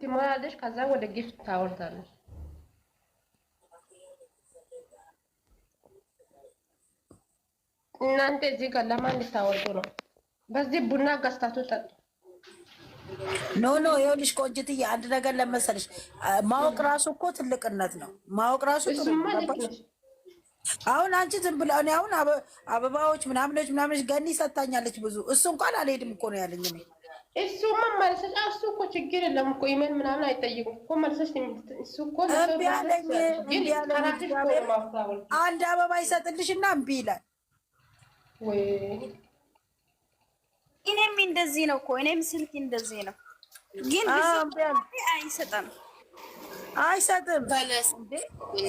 ትሞላለሽ። ከዛ ወደ ጊፍት ታወርዳለሽ። እናንተ እዚህ ጋር ለማን ልታወርዱ ነው? በዚህ ቡና ገዝታችሁ ጠጡ። ኖ ኖ ይኸውልሽ፣ ቆንጅትዬ አንድ ነገር ለመሰለሽ፣ ማወቅ ራሱ እኮ ትልቅነት ነው። ማወቅ ራሱ አሁን አንቺ ዝም ብላ እኔ አሁን አበባዎች ምናምኖች ምናምኖች ገኒ ሰታኛለች ብዙ እሱ እንኳን አልሄድም እኮ ነው ያለኝ እኔ እሱማ መልሰሽ እሱ እኮ ችግር የለም እኮ ኢሜል ምናምን አይጠይቁም እኮ መልሰሽ እሱ እኮ አንድ አበባ ይሰጥልሽ እና እምቢ ይላል። እኔም እንደዚህ ነው እኮ እኔም ስልክ እንደዚህ ነው፣ ግን አይሰጥም አይሰጥም።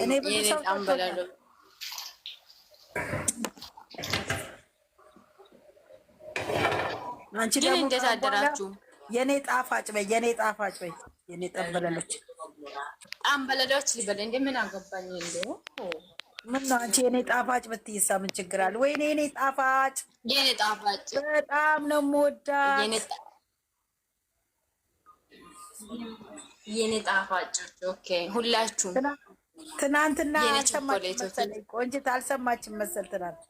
እኔ ብዙ ሰው አንቺ ግን እንዴት አደራችሁ? የኔ ጣፋጭ በይ፣ የኔ ጣፋጭ በይ፣ የኔ ጠንበለሎች ጠንበለሎች አገባኝ እንዴ? ምን ነው አንቺ የኔ ጣፋጭ ብትይሳ ምን ችግር አለ? ወይኔ የኔ ጣፋጭ፣ የኔ ጣፋጭ በጣም ነው የምወዳት የኔ ኦኬ ሁላችሁም ትናንትና አልሰማችም መሰለኝ አልሰማችም መሰል ትናንት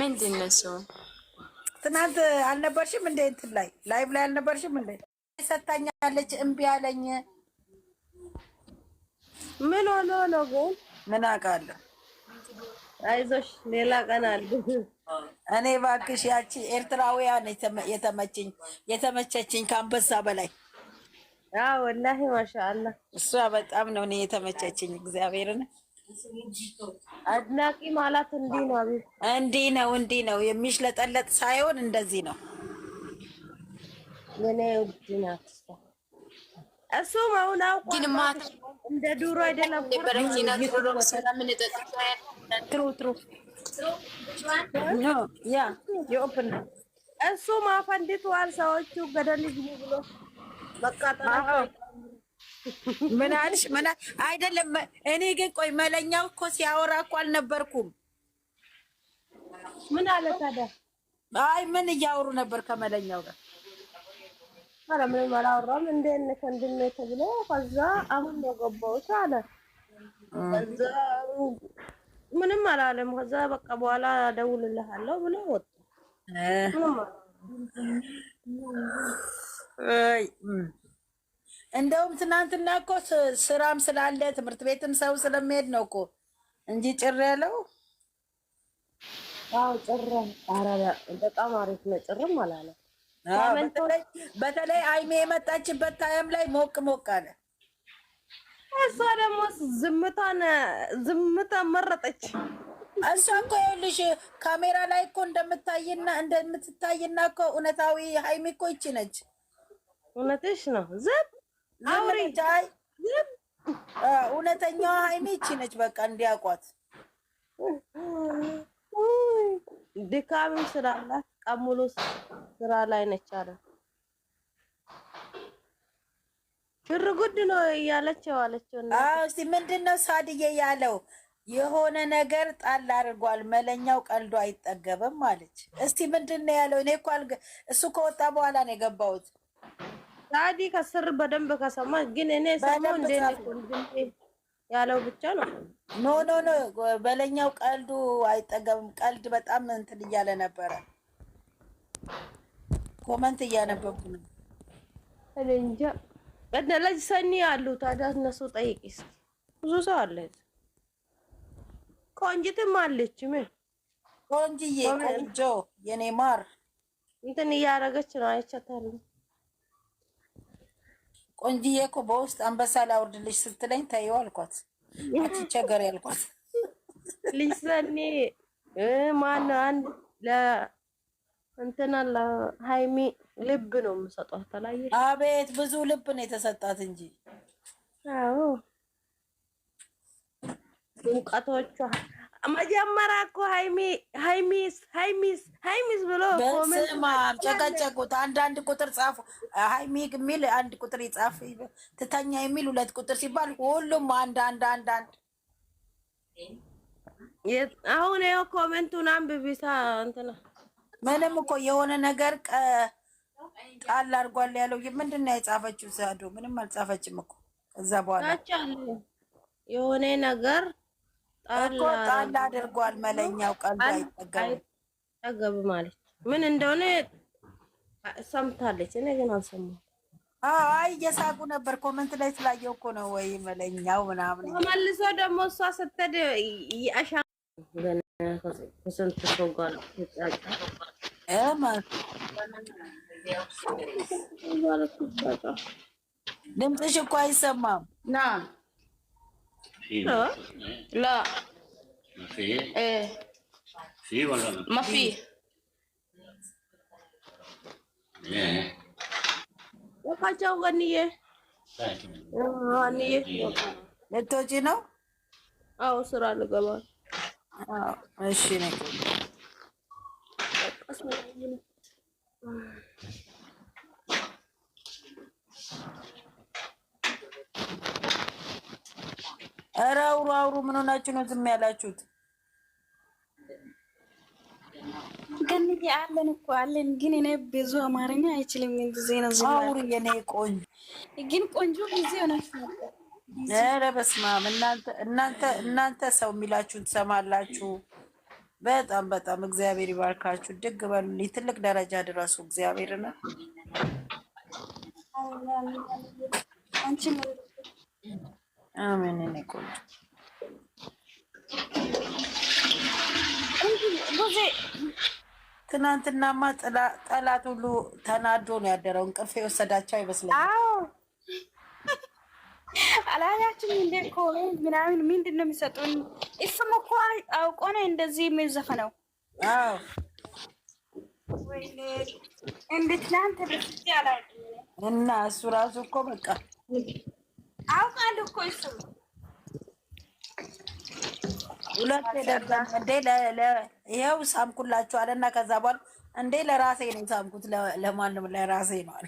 ምንድን ነው እሱ? ትናንት አልነበርሽም እንደ እንትን ላይ ላይቭ ላይ አልነበርሽም እንደ ሰታኛለች። እምቢ አለኝ። ምን ሆኖ ነው ግን? ምን አውቃለሁ። አይዞሽ ሌላ ቀን አለ። እኔ እባክሽ ያቺ ኤርትራውያን የተመቸኝ የተመቸችኝ ከአንበሳ በላይ ወላሂ ማሻአላህ እሷ በጣም ነው እኔ የተመቸችኝ እግዚአብሔርን አድናቂ ማለት እንዲህ ነው። አቤት እንዲህ ነው፣ እንዲህ ነው የሚሽለጠለጥ ሳይሆን እንደዚህ ነው። የኔ ውድ ናት። እሱም አሁን አውቆ እንደ ዱሮ አይደለም። ትሩ ትሩ ያ የኦፕን እሱም አፈንድቷል። ሰዎቹ ገደል ግቡ ብሎ በቃ ምን አልሽ? ምን አይደለም። እኔ ግን ቆይ መለኛው እኮ ሲያወራ እኮ አልነበርኩም። ምን አለ ታዲያ? አይ ምን እያወሩ ነበር ከመለኛው ጋር? ኧረ ምንም አላወራም። እንዴት ነህ ወንድሜ ተብሎ ከዛ አሁን ነው ገባሁት አለ። ከዛ ምንም አላለም። ከዛ በቃ በኋላ እደውልልሃለሁ ብሎ ወጣ። ምንም እንደውም ትናንትና እኮ ስራም ስላለ ትምህርት ቤትም ሰው ስለሚሄድ ነው እኮ እንጂ ጭር ያለው። አዎ ጭር በጣም አሪፍ ነው። ጭርም አላለ። በተለይ አይሜ የመጣችበት ታይም ላይ ሞቅ ሞቅ አለ። እሷ ደግሞ ዝምታን ዝምታ መረጠች። እሷ እኮ ይኸውልሽ ካሜራ ላይ እኮ እንደምታይና እንደምትታይና እኮ እውነታዊ ሀይሚ እኮ ይቺ ነች። እውነትሽ ነው ዝም አይ እውነተኛዋ ሀይሜ ይቺ ነች። በቃ እንዲያውቋት ድካምም ስላላት ቀን ሙሉ ስራ ላይ ነች አለ። ሽር ጉድ ነው እያለች ዋለችው። እስኪ ምንድን ነው ሳድዬ ያለው? የሆነ ነገር ጣል አድርጓል። መለኛው ቀልዶ አይጠገብም አለች። እስቲ ምንድን ነው ያለው? እኔ እኮ እሱ ከወጣ በኋላ ነው የገባሁት። ሳዲ ከስር በደንብ ከሰማ ግን እኔ ሰማሁ እንደ ያለው ብቻ ነው። ኖ ኖ ኖ በለኛው ቀልዱ አይጠገብም። ቀልድ በጣም እንትን እያለ ነበረ። ኮመንት እያነበብኩ ነው እንጃ እነ ልጅ ሰኒ አሉ። ታዲያ እነሱ ጠይቂ እስኪ። ብዙ ሰው አለ። ቆንጅትም አለች። ምን ቆንጅዬ፣ ቆንጆ የኔ ማር እንትን እያደረገች ነው። አይቻታለሁ ቆንጂዬ እኮ በውስጥ አንበሳ ላውርድልሽ ስትለኝ ተይው አልኳት። አትቸገር ያልኳት ልጅ ሰኔ ማን አንድ ለእንትና ለሀይሚ ልብ ነው የምሰጧት። ተላየ አቤት ብዙ ልብ ነው የተሰጣት እንጂ አዎ እውቀቶቿ መጀመሪያ እኮ ሀይሚስ ሀይሚስ ሀይሚስ ብሎ በስማ ጨቀጨቁት። አንዳንድ ቁጥር ጻፉ። ሀይሚ የሚል አንድ ቁጥር ይጻፍ፣ ትተኛ የሚል ሁለት ቁጥር ሲባል ሁሉም አንድ አንድ አንድ አንድ። አሁን ይኸው ኮሜንቱን አንብቢሳ እንትና ምንም እኮ የሆነ ነገር ጣል አድርጓል ያለው ምንድን ነው የጻፈችው? ዛዶ ምንም አልጻፈችም እኮ እዛ በኋላ የሆነ ነገር እኮ ጣል አድርጓል። መለኛው ቀልዱ አይጠገብም አለች። ምን እንደሆነ ሰምታለች፣ እኔ ግን አልሰማሁም። አይ እየሳቁ ነበር። ኮመንት ላይ ስላየው እኮ ነው። ወይ መለኛው ምናምን መልሶ ደግሞ እሷ ስትሄድ አሻ ስንት ሰው ድምፅሽ እኮ አይሰማም ና ¿eh? la Mafi. Eh. Fi wala Mafi. Eh. ወፋቸው ገንዬ ገንዬ ልትወጪ ነው? አዎ ስራ ልገባ። እሺ ነው Thank ኧረ አውሩ አውሩ። ምን ሆናችሁ ነው ዝም ያላችሁት? ግን አለን እኮ አለን። ግን እኔ ብዙ አማርኛ አይችልም። ጊዜ ነው ዝም አውሩ። የኔ ቆንጆ ግን ቆንጆ ጊዜ ሆናችሁ ነበር። ኧረ በስመ አብ እናንተ እናንተ እናንተ ሰው የሚላችሁን ትሰማላችሁ። በጣም በጣም እግዚአብሔር ይባርካችሁ። ድግ በሉልኝ። ትልቅ ደረጃ ድረሱ። እግዚአብሔር ነው አሜን። እኔ ቆንጆ ትናንትናማ ጠላት ሁሉ ተናዶ ነው ያደረው። እንቅልፍ የወሰዳቸው አይመስለኝም። አላያችሁም እንደ ኮሎ ምናምን ምንድን ነው የሚሰጡን? እሱም እኮ አውቆ ነው እንደዚህ የሚዘፈነው። እንደ ትናንት እና እሱ ራሱ እኮ በቃ አውቃለሁ እኮ እሱ ሁለት የደበቀ እንዴ ይኸው ሳምኩላችሁ አለ እና ከዛ በኋላ እንዴ ለራሴ ነው ሳምኩት፣ ለማንም ለራሴ ነው አለ።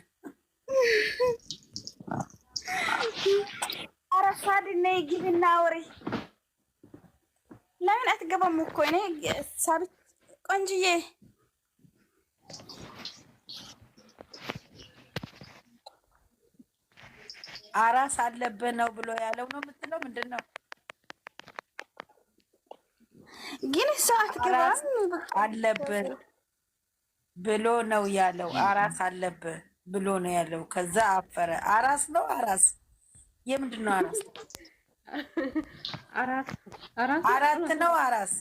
ኧረ እሷ ድና ግቢና አውሪ። ለምን አትገባም እኮ እኔ ሳቢት ቆንጅዬ አራስ አለብህ ነው ብሎ ያለው ነው የምትለው? ምንድን ነው ግን ሰዓት አለብህ ብሎ ነው ያለው። አራስ አለብህ ብሎ ነው ያለው። ከዛ አፈረ። አራስ ነው አራስ የምንድን ነው አራስ? አራት ነው አራስ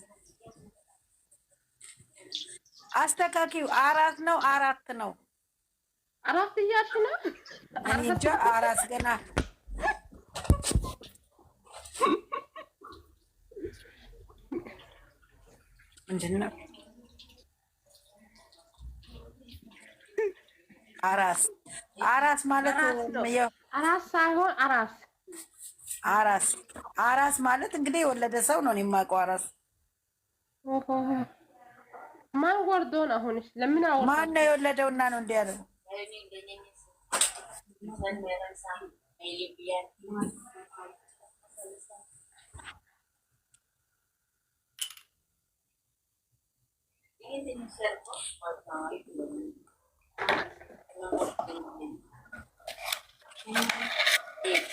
አስተካኪው አራት ነው አራት ነው አራት እያልሽ ነው? እንጃ አራት ገና ምንድን ነው አራስ አራስ ማለት አራስ ሳይሆን አራስ አራስ አራስ ማለት እንግዲህ የወለደ ሰው ነው የማውቀው። አራስ ማን ወርዶ ነው? አሁንሽ ለምን ማን ነው የወለደውና ነው እንዲያለው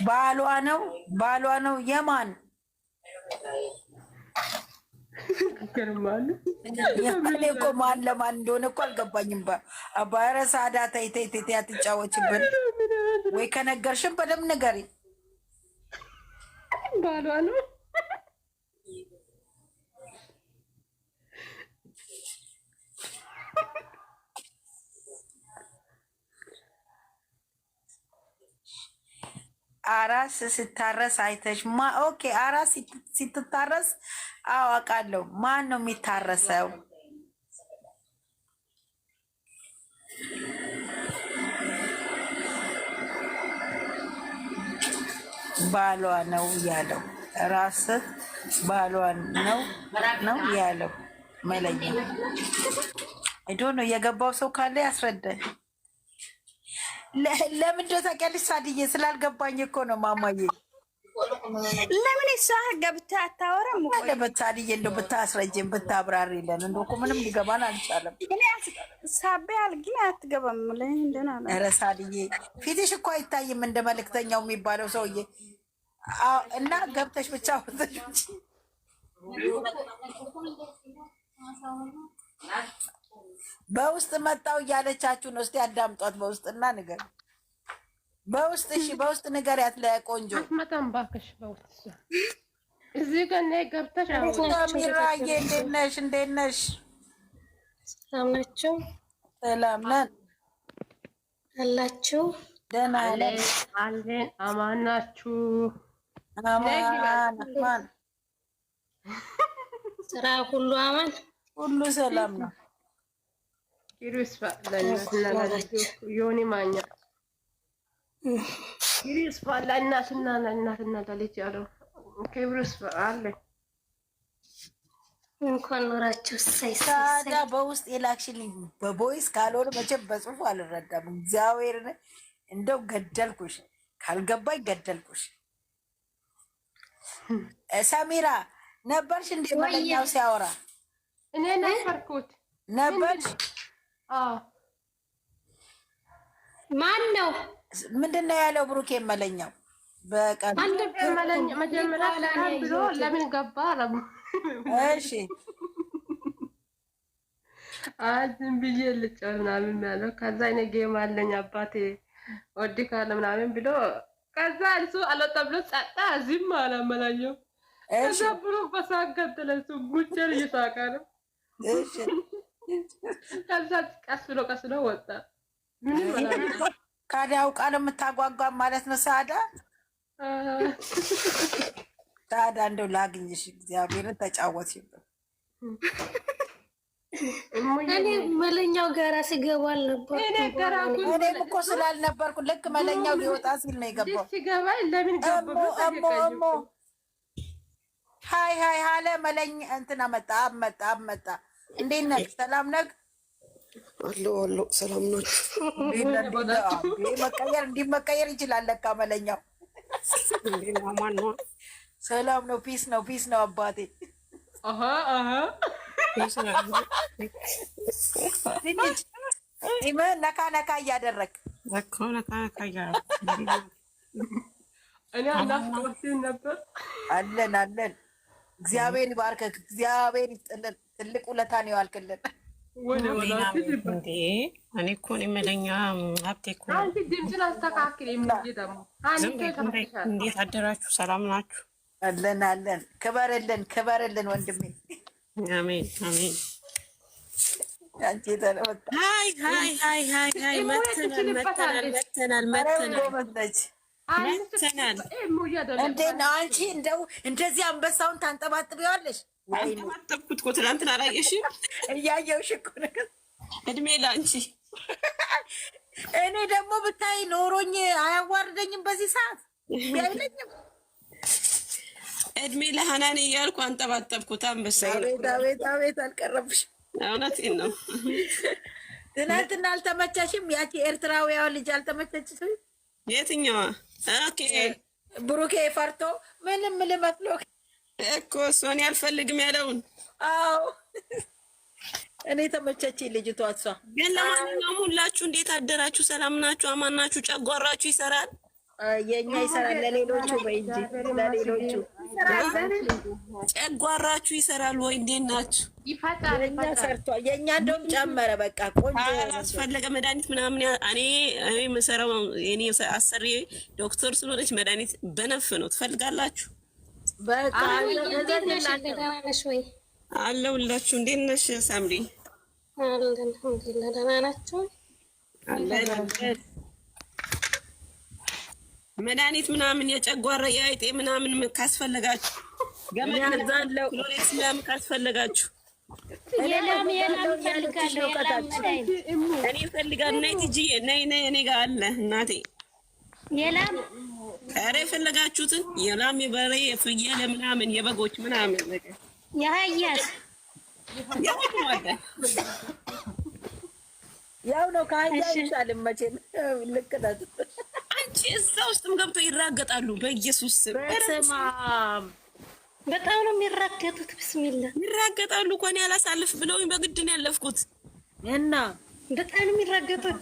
ባሏ ነው። ባሏ ነው የማን እኔ እኮ ማን ለማን እንደሆነ እኮ አልገባኝም። አባረ ሳዳ ተይ ተይ ተይ አትጫወችብን ወይ ከነገርሽን በደምብ ንገሪ ባሏ ነው አራስ ስታረስ አይተሽ? ኦኬ አራስ ስትታረስ አዋቃለሁ። ማን ነው የሚታረሰው? ባሏ ነው ያለው። ራስ ባሏ ነው ነው ያለው። መለኛ ዶ ነው የገባው ሰው ካለ ያስረዳል። ለምን እንደው ታውቂያለሽ ሳድዬ ስላልገባኝ እኮ ነው ማማዬ። ለምን እሷ ገብታ አታወራም? ለበት ሳድዬ እንደው ብታስረጅን ብታብራሪልን። እንደው እኮ ምንም ሊገባን አልቻለም። ሳቤ አልግን አትገባም። ኧረ ሳድዬ ፊትሽ እኮ አይታይም እንደ መልእክተኛው የሚባለው ሰውዬ እና ገብተሽ ብቻ ወተሽ በውስጥ መጣው እያለቻችሁን ነው። እስቲ አዳምጧት በውስጥና ንገር በውስጥ እሺ፣ በውስጥ ንገሪያት። ለቆንጆ አትመጣም እባክሽ በውስጥ እዚህ ጋር ነይ ገብተሽ። ሚራዬ እንዴት ነሽ? እንዴት ነሽ? ሰላም ናችሁ? ሰላም ነን አላችሁ? ደህና ነን አለን። አማን ናችሁ? አማን አማን። ስራ ሁሉ አማን፣ ሁሉ ሰላም ነው። ሂዱ ይስፋ የሆነ ማኛ ሂዱ ይስፋ ለእናትና ለእናትና ለልጅ አለው ክብሩ አለ። እንኳን ኖራችሁ ሳይሳዳ በውስጥ የላክሽልኝ በቦይስ ካልሆነ መቼም በጽሁፍ አልረዳም። እግዚአብሔርን እንደው ገደልኩሽ፣ ካልገባኝ ገደልኩሽ። ሰሚራ ነበርሽ እንደ መለኛው ሲያወራ እኔ ነበርኩት ነበርሽ ማን ነው? ምንድን ነው ያለው? ብሩኬ መለኛው በቀን መጀመሪያ ብሎ ለምን ገባ? አረቡ? እሺ አዝም ዝም ብዬ ልጫወት ምናምን ያለው። ከዛ እኔ ጌም አለኝ አባቴ ወዲ ካለ ምናምን ብሎ ከዛ እሱ አልወጣ ብሎ ጸጣ። ዝም አላመላየው። ከዛ ብሎ በሳቀ ተለሱ እሱ ጉንጬን እየሳቀ ነው። ከዛ ቀስ ብሎ ቀስ ብሎ ወጣ። ካዲያው ቃል የምታጓጓ ማለት ነው። ሳዳ ሳዳ እንደው ላግኝሽ፣ እግዚአብሔርን ተጫወትሽበት። እኔ መለኛው ጋራ ሲገባ አልነበርኩም። እኔም እኮ ስላልነበርኩ ልክ መለኛው ሊወጣ ሲል ነው የገባው። ሀይ ሀይ ሀለ መለኛ እንትን መጣ መጣ መጣ እንዴት ነህ? ሰላም ነህ? አለው አለው። ሰላም ናችሁ? መቀየር እንዲህ መቀየር ይችላል ለካ መለኛው። ሰላም ነው። ፒስ ነው። ፒስ ነው አባቴ። ፂምህን ነካ ነካ እያደረግ እኔ አለን አለን። እግዚአብሔር ይባርከክ። እግዚአብሔር ትልቅ ውለታ ነው ያልክልን። እኔ እኮ ሀብቴ እኮ እንዴት አደራችሁ? ሰላም ናችሁ? አለን አለን። ክበርልን ክበርልን ወንድሜ። አሜን አሜን። አንቺ እንደው እንደዚህ አንበሳውን ታንጠባጥቢዋለሽ አንተባተብኩት እኮ ትናንትና አላየሽም? እያየሁሽ እኮ ነገር እድሜ ለአንቺ። እኔ ደግሞ ብታይ ኖሮኝ አያዋርደኝም። በዚህ ሰዓት ያይለኝም። እድሜ ለሀናኔ እያልኩ አንጠባጠብኩት። አንበሳ ቤት ቤት አልቀረብሽ። እውነቴን ነው። ትናንትና አልተመቻሽም? ያቺ ኤርትራዊያዋ ልጅ አልተመቻችሽም? የትኛዋ? ብሩኬ ፈርቶ ምንም ልመስሎ እኮ እሱ እኔ አልፈልግም ያለውን። አዎ እኔ ተመቸች ልጅቷ። እሷ ግን ለማንኛውም ሁላችሁ እንዴት አደራችሁ? ሰላም ናችሁ? አማን ናችሁ? ጨጓራችሁ ይሰራል? የእኛ ይሰራል። ለሌሎቹ በይ እንጂ ለሌሎቹ ጨጓራችሁ ይሰራል ወይ? እንዴት ናችሁ? ይፈጣልኛ ሰርቷል። የእኛ እንደውም ጨመረ። በቃ ቆንጆ አስፈለገ መድኃኒት ምናምን። እኔ እኔ የምሰራው እኔ አሰሪ ዶክተር ስለሆነች መድኃኒት በነፍ ነው። ትፈልጋላችሁ አለሁላችሁ። እንዴት ነሽ ሳምሪ? ደህና ናችሁ? መድኃኒት ምናምን የጨጓራ የአይጤ ምናምን ካስፈለጋችሁ ገመዛለሁሎሬስ ምናምን ካስፈለጋችሁ እኔ እፈልጋለሁ። ነይ ትጂ ነይ ነይ፣ እኔ ጋር አለ እናቴ የለም ኧረ የፈለጋችሁትን የላም የበሬ የፍየል ምናምን የበጎች ምናምን ነገር ያው ነው ከሀያ ይሻልም መቼም ልክ ናት። አንቺ እዛ ውስጥም ገብተው ይራገጣሉ። በኢየሱስ ስም በጣም ነው የሚራገጡት። ብስሚላ ይራገጣሉ እኮ እኔ አላሳልፍ ብለውኝ በግድ ነው ያለፍኩት እና በጣም ነው የሚራገጡት።